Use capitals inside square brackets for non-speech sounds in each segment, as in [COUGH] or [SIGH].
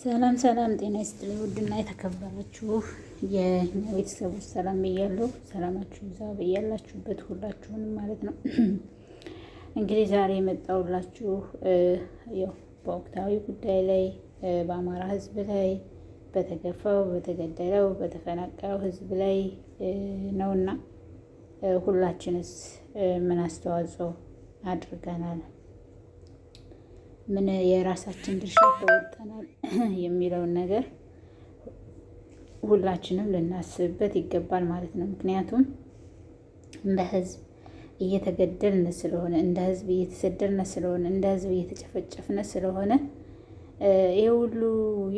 ሰላም ሰላም፣ ጤና ይስጥልኝ ውድና የተከበራችሁ የኛ ቤተሰቦች ሰላም ብያለሁ። ሰላማችሁ ይዛ ብያላችሁበት ሁላችሁንም ማለት ነው። [CLEARS THROAT] እንግዲህ ዛሬ የመጣሁላችሁ ያው በወቅታዊ ጉዳይ ላይ በአማራ ሕዝብ ላይ በተገፋው፣ በተገደለው፣ በተፈናቀለው ሕዝብ ላይ ነውና ሁላችንስ ምን አስተዋጽኦ አድርገናል ምን የራሳችን ድርሻ ተወጥተናል [CLEARS THROAT] የሚለውን ነገር ሁላችንም ልናስብበት ይገባል ማለት ነው። ምክንያቱም እንደ ህዝብ እየተገደልን ስለሆነ፣ እንደ ህዝብ እየተሰደርን ስለሆነ፣ እንደ ህዝብ እየተጨፈጨፍን ስለሆነ ይህ ሁሉ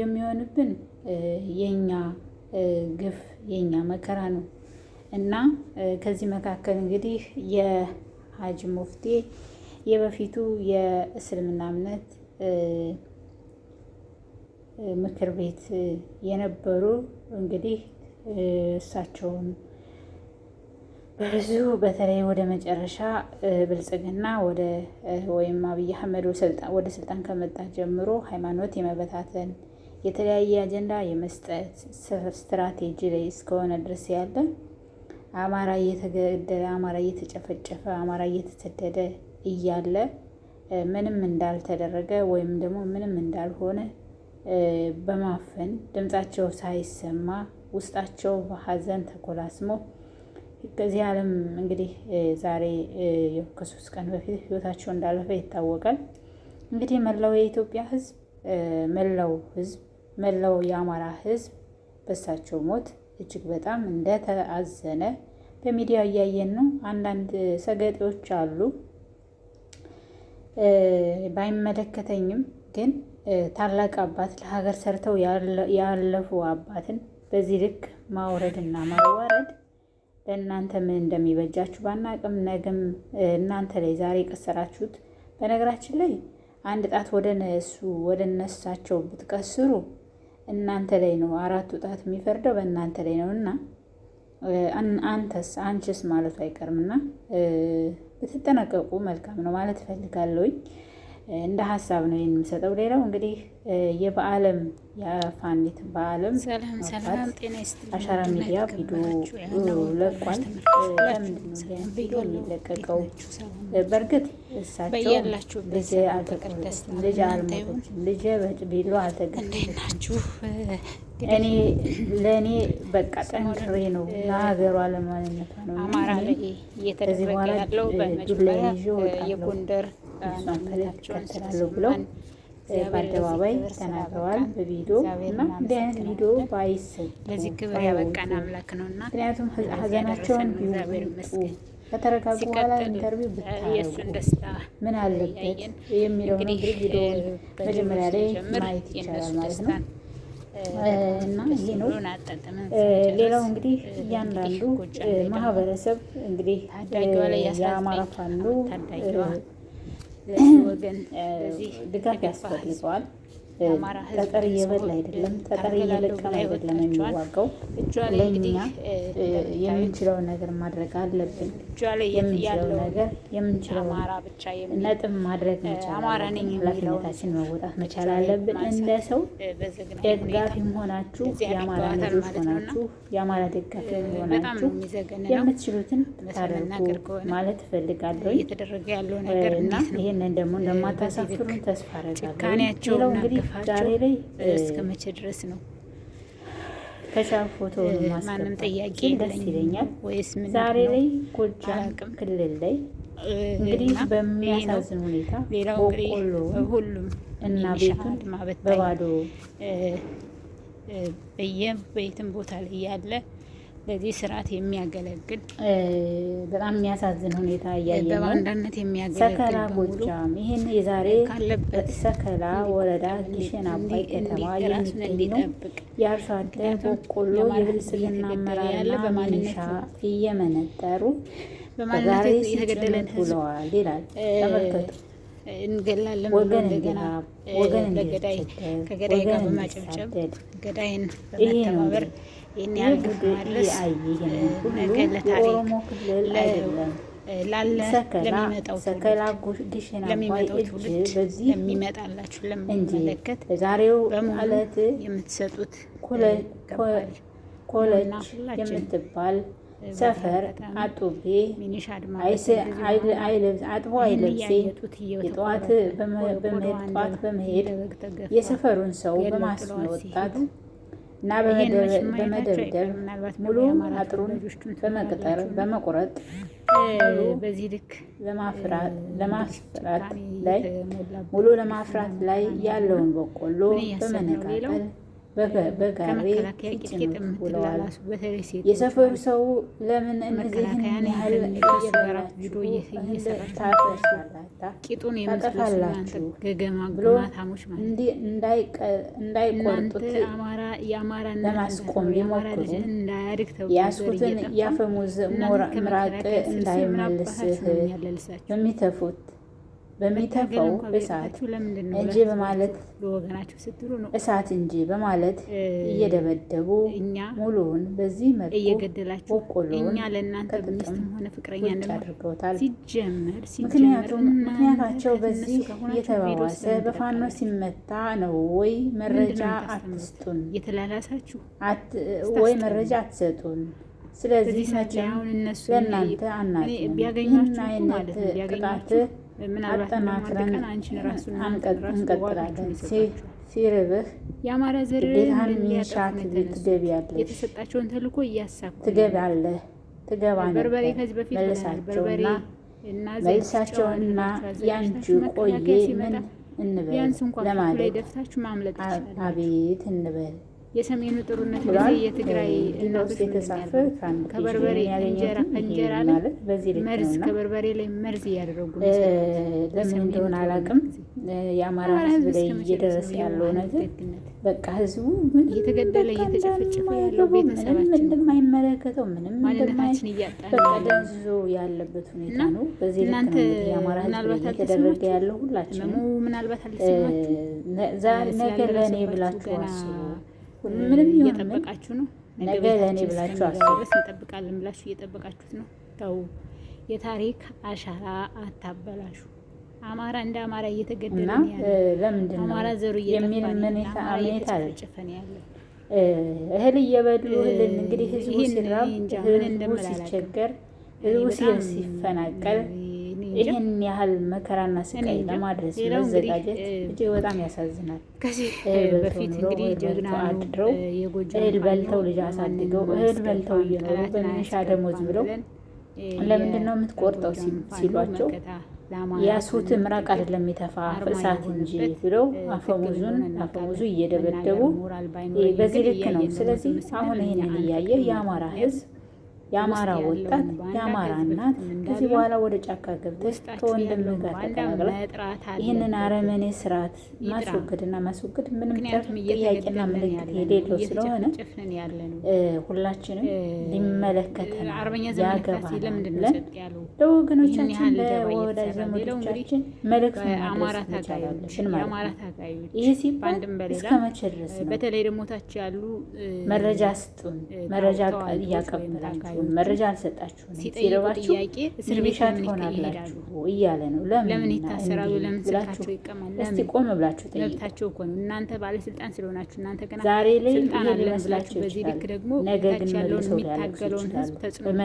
የሚሆንብን የኛ ግፍ የኛ መከራ ነው እና ከዚህ መካከል እንግዲህ የሀጅ ሙፍቴ የበፊቱ የእስልምና እምነት ምክር ቤት የነበሩ እንግዲህ እሳቸውን በብዙ በተለይ ወደ መጨረሻ ብልጽግና ወደ ወይም አብይ አህመድ ወደ ስልጣን ከመጣ ጀምሮ ሃይማኖት የመበታተን የተለያየ አጀንዳ የመስጠት ስትራቴጂ ላይ እስከሆነ ድረስ ያለ አማራ እየተገደለ፣ አማራ እየተጨፈጨፈ፣ አማራ እየተሰደደ እያለ ምንም እንዳልተደረገ ወይም ደግሞ ምንም እንዳልሆነ በማፈን ድምፃቸው ሳይሰማ ውስጣቸው በሀዘን ተኮላስሞ ከዚህ ዓለም እንግዲህ ዛሬ ከሶስት ቀን በፊት ህይወታቸው እንዳለፈ ይታወቃል። እንግዲህ መላው የኢትዮጵያ ህዝብ፣ መላው ህዝብ፣ መላው የአማራ ህዝብ በሳቸው ሞት እጅግ በጣም እንደተአዘነ በሚዲያ እያየን ነው። አንዳንድ ሰገጤዎች አሉ ባይመለከተኝም ግን ታላቅ አባት ለሀገር ሰርተው ያለፉ አባትን በዚህ ልክ ማውረድ እና ማዋረድ ለእናንተ ምን እንደሚበጃችሁ ባናቅም ነገም እናንተ ላይ ዛሬ የቀሰራችሁት በነገራችን ላይ አንድ ጣት ወደ ነሱ ወደ ነሳቸው ብትቀስሩ እናንተ ላይ ነው አራቱ ጣት የሚፈርደው በእናንተ ላይ ነው እና አንተስ አንቺስ ማለቱ አይቀርምና ብትጠነቀቁ መልካም ነው ማለት እፈልጋለሁኝ። እንደ ሀሳብ ነው የምሰጠው። ሌላው እንግዲህ የበአለም የፋኒት በአለም አሻራ ሚዲያ ቪዲዮ ለቋል። ቪዲዮ የሚለቀቀው? በእርግጥ እሳቸው ልጅ አልተቆረጠችም፣ ልጅ አልሞተችም፣ ልጄ በቢሎ አልተገደለችም እኔ ለእኔ በቃ ጠንክሬ ነው ለሀገሯ ለማንነቷ ነው። አማራ ላይ እየተደረገ ያለው በመጀመሪያ የጎንደር ማንነታቸውን ብለው በአደባባይ ተናግረዋል በቪዲዮ እና እንዲህ አይነት ቪዲዮ ባይሰጥ ለዚህ ክብር ያበቃን አምላክ ነው እና ምክንያቱም ሀዘናቸውን ቢወጡ ከተረጋጉ በኋላ ኢንተርቪው ደስታ ምን አለበት የሚለው ነገር ቪዲዮ መጀመሪያ ላይ ማየት ይቻላል ማለት ነው። እና ይሄ ነው። ሌላው እንግዲህ እያንዳንዱ ማህበረሰብ እንግዲህ የአማራ ፋኖ ድጋፍ ያስፈልገዋል። ጠጠር እየበላ አይደለም፣ ጠጠር እየለቀም አይደለም የሚዋጋው። ለእኛ የምንችለውን ነገር ማድረግ አለብን። የምንችለው ነገር የምንችለው ነጥብ ማድረግ መቻል ኃላፊነታችን መወጣት መቻል አለብን። እንደ ሰው ደጋፊ መሆናችሁ የአማራ ልጆች ሆናችሁ የአማራ ደጋፊ ሆናችሁ የምትችሉትን ታደርጉ ማለት እፈልጋለሁ እና ይህንን ደግሞ እንደማታሳፍሩን ተስፋ አደርጋለሁ። ሌላው እንግዲህ ዛሬ ላይ እስከ መቼ ድረስ ነው? ከሻም ፎቶ ማንም ጥያቄ ደስ ይለኛል ወይስ ምን? ዛሬ ላይ ጎጃም ክልል ላይ እንግዲህ በሚያሳዝን ሁኔታ በቆሎ ሁሉም እና ቤቱን በባዶ በየ ቦታ ላይ ያለ ለዚህ ስርዓት የሚያገለግል በጣም የሚያሳዝን ሁኔታ እያየ በባንዳነት የሚያገለግል ሰከላ ጎጃም ይህን የዛሬ ካለበት ሰከላ ወረዳ ግሽን አባይ ከተማ የሚጠብቅ የአርሶ አደር በቆሎ የብልጽግና አመራርና ሚሊሻ እየመነጠሩ በዛሬ ሲጭኑት ብለዋል ይላል። ተመልከቱ። እንገላለን ብሎ እንደገና ለገዳይ ከገዳይ ጋር በማጨብጨብ ገዳይን በመተባበር ይህን ያህል ግፍ ማድረስ ነገ ለታሪክ ላለ ለሚመጣው ለሚመጣው ትውልድ ለሚመጣላችሁ ለሚመለከት የምትሰጡት የምትባል ሰፈር አጡቤ አጥቦ አይለብሴ የጠዋት በመሄድ ጠዋት በመሄድ የሰፈሩን ሰው በማስወጣት እና በመደብደብ ሙሉ አጥሩን በመቅጠር በመቁረጥ በዚህ ልክ ለማፍራት ላይ ሙሉ ለማፍራት ላይ ያለውን በቆሎ በመነቃቀል በጋሪ የሰፈሩ ሰው ለምን እነዚህን ያህል እንዳይቆርጡት ለማስቆም ያስኩትን የአፈሙዝ ምራቅ እንዳይመልስህ የሚተፉት በሚተፈው እሳት እንጂ በማለት እሳት እንጂ በማለት እየደበደቡ ሙሉውን በዚህ መልኩ በቆሎውን ከጥጥም ፍቅረኛ አድርገውታል። ምክንያቱም ምክንያታቸው በዚህ የተባባሰ በፋኖ ሲመታ ነው ወይ መረጃ አትስጡን ወይ መረጃ አትሰጡን። ስለዚህ መቼም ለእናንተ አናውቅም። ይህን አይነት ቅጣት አጠናክረን እንቀጥላለን። ሲርብህ የአማራ ዘርህን የሚሻት ትገቢያለሽ የተሰጣቸውን ተልእኮ እያሳኩ ትገባለህ ትገባ በርበሬ ከዚህ በፊት በርበሬ መልሳቸውና ያንቺ ቆየ ምን እንበል ለማለት አቤት እንበል የሰሜኑ ጦርነት ጊዜ የትግራይ እናቶች ከበርበሬ እንጀራ ላይ መርዝ ከበርበሬ ላይ መርዝ እያደረጉ ለምን እንደሆነ አላውቅም። የአማራ ሕዝብ ላይ እየደረሰ ያለው ነገር በቃ ሕዝቡ ምን እየተገደለ እየተጨፈጨፈ ያለው ቤተሰባችን ምንም እንደማይመለከተው ምንም ማለታችን እያጣንዞ ያለበት ሁኔታ ነው። በዚህ ልክ የአማራ ሕዝብ ላይ እየተደረገ ያለው ሁላችን ምናልባት አልተሰማችሁ ነገር ለእኔ ብላችሁ አስቡ ሁሉንም እየጠበቃችሁ ነው። ነገ ለእኔ ብላችሁ እንጠብቃለን ብላችሁ እየጠበቃችሁት ነው። ተው፣ የታሪክ አሻራ አታበላሹ። አማራ እንደ አማራ እየተገደለ ለምንድን ነው አማራ ዘሩ እህል እየበሉ እህልን እንግዲህ ህዝቡ ሲራብ፣ ህዝቡ ሲቸገር፣ ህዝቡ ሲፈናቀል ይህን ያህል መከራና ስቃይ ለማድረስ መዘጋጀት እጅግ በጣም ያሳዝናል። በፊት እንግዲህ ጀግና አድረው እህል በልተው ልጅ አሳድገው እህል በልተው እየኖሩ በመነሻ ደሞዝ ብለው ለምንድን ነው የምትቆርጠው ሲሏቸው ያሱት ምራቅ አይደለም የተፋ እሳት እንጂ ብለው አፈሙዙን አፈሙዙ እየደበደቡ በዚህ ልክ ነው። ስለዚህ አሁን ይህንን እያየ የአማራ ህዝብ የአማራ ወጣት የአማራ እናት ከዚህ በኋላ ወደ ጫካ ገብተሽ ከወንድምህ ጋር ተቀላቅላ ይህንን አረመኔ ስርዓት ማስወገድና ማስወገድ ምንም ጥያቄና ምልክት የሌለው ስለሆነ ሁላችንም ሊመለከተን ያገባናል ብለን ለወገኖቻችን ለወዳጅ ዘመዶቻችን መልእክት ማድረስ መቻላለን ማለት ነው። ይህ ሲባል እስከ መቼ ድረስ ነው? መረጃ ስጡን፣ መረጃ እያቀበላችሁ አልሰጣችሁም፣ መረጃ አልሰጣችሁም፣ ሲረባችሁ ሚሊሻ ትሆናላችሁ እያለ ነው። ለምን ይታሰራሉ? ለምን ስልካቸው ይቀማል? እስቲ ቆም ብላችሁ መብታቸው እኮ ነው። እናንተ ባለስልጣን ስለሆናችሁ እናንተ ገና ዛሬ ላይ ስልጣን በዚህ ልክ ደግሞ ነገ ግን ያለውን የሚታገለውን ህዝብ ተጽዕኖ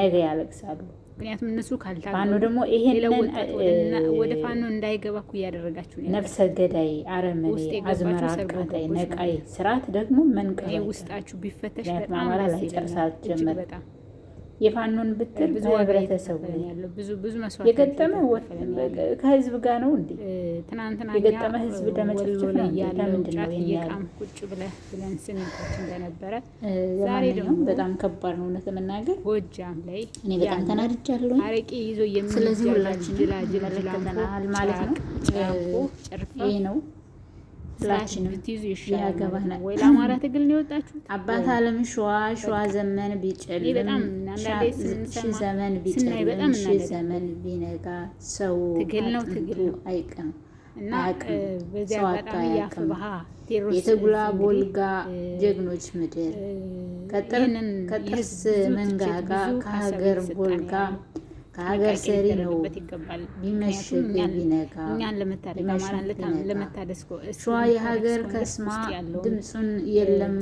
ነገ ያለቅሳሉ። ምክንያቱም እነሱ ካልታፋኖ ደግሞ ይሄንን ወደ ፋኖ እንዳይገባ እኮ እያደረጋችሁ ነፍሰ ገዳይ፣ አረመኔ፣ አዝመራ አቃጣይ፣ ነቃይ ስርዓት ደግሞ መንቀ ውስጣችሁ ቢፈተሽ በጣም ጨርሳ አልጀመረ የፋኖን ብትል ብዙ ህብረተሰቡ ብዙ ብዙ መስዋዕት የገጠመ ከህዝብ ጋር ነው እንዴ? ትናንትና የገጠመ ህዝብ ለመጨፍጨፍ ነው ለምንድን ነው የሚያሉ ቁጭ ብለ ብለን ስንቶች እንደነበረ ዛሬ ደግሞ በጣም ከባድ ነው። እውነት ለመናገር ጎጃም ላይ እኔ በጣም ተናድጃለሁ። አረቄ ይዞ የሚስለዚህ ሁላችን መለከተናል ማለት ነው። ጨርፎ ይሄ ነው ያገባናል ወይ ለአማራ ትግል ነው አባት አለም ሸዋ ሸዋ ዘመን ቢጨልም ዘመን ቢጨልም ዘመን ቢነጋ ሰው ትግል ነው ትግል እና አጋጣሚ ቦልጋ ጀግኖች ምድር ከጥርስ መንጋጋ ከሀገር ቦልጋ ከሀገር ሰሪ ነው ቢመሽ ቢነጋ ለመታደስ ሸዋ የሀገር ከስማ ድምፁን የለም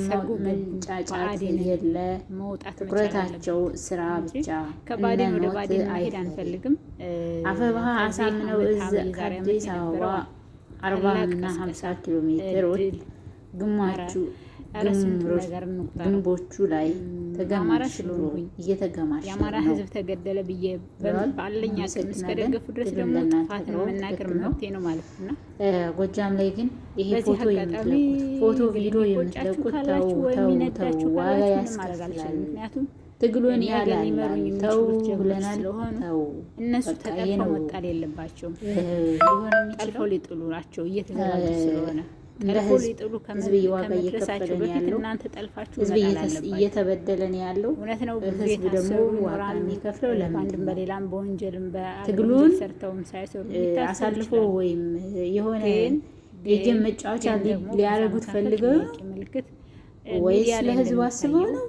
መጫጫት የለ ትኩረታቸው ስራ ብቻ ወደ እነኖት አንፈልግም። አፈባሀ አሳምነው እዝ ከአዲስ አበባ አርባ እና ሀምሳ ኪሎ ሜትሮች ግንቦቹ ላይ ተገማሽ ኑሮ እየተገማሽ የአማራ ህዝብ ተገደለ ብዬ ባለኝ አቅም እስከደገፉ ድረስ ደግሞ ጥፋት ነው መናገር መብቴ ነው ማለት እና ጎጃም ላይ ግን ይሄ ፎቶ የምትለቁት ፎቶ ቪዲዮ የምትለቁት ተው ተው ተው ዋጋ ያስከፍላል። ምክንያቱም ትግሉን ያላላል ብለናል። ተው እነሱ ተጠልፈው መጣል የለባቸውም። ጠልፈው ሊጥሉ ናቸው እየተዘጋጁ ስለሆነ ህዝብ እየዋጋ እየከፈለ ነው ያለው። ህዝብ እየተበደለ ነው ያለው። ህዝብ ደግሞ ዋጋ የሚከፍለው ለምንድን ነው? ትግሉን አሳልፎ ወይም የሆነ የጌም መጫወቻ ሊያደርጉት ፈልገው ወይስ ለህዝብ አስበው ነው?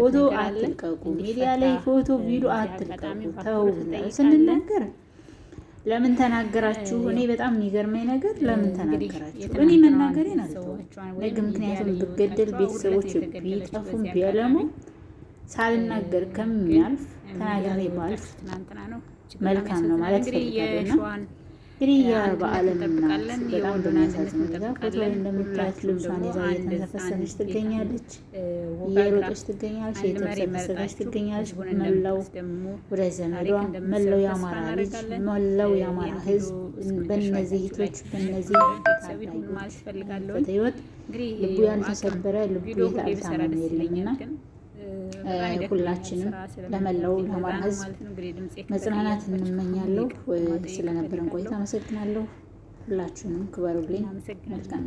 ፎቶ አትልቀቁ፣ ሚዲያ ላይ ፎቶ ቪዲዮ አትልቀቁ ተው ስንናገር ለምን ተናገራችሁ? እኔ በጣም የሚገርመኝ ነገር ለምን ተናገራችሁ? እኔ መናገሬ ናቸው ነገ ምክንያቱም ብገደል ቤተሰቦች ቢጠፉም ቢያለሙ ሳልናገር ከሚያልፍ ተናገሬ ባልፍ መልካም ነው ማለት ይፈልጋልና እንግዲህ የበዓለም እናት በጣም በሚያሳዝን ሁኔታ ፎቶ ላይ እንደምታያት ልብሷን ይዛ እየተንሰፈሰፈች ትገኛለች፣ እየሮጠች ትገኛለች፣ እየተሰበሰበች ትገኛለች። መላው ወደ ዘመዷ፣ መላው የአማራ ልጅ፣ መላው የአማራ ሕዝብ በነዚህ ሂቶች በነዚህ ህይወት ልቡ ያልተሰበረ ልቡ የታልታመ የለምና ሁላችንም ለመላው ለአማራ ህዝብ መጽናናት እንመኛለሁ። ስለነበረን ቆይታ አመሰግናለሁ። ሁላችሁንም ክበሩልኝ። መልካም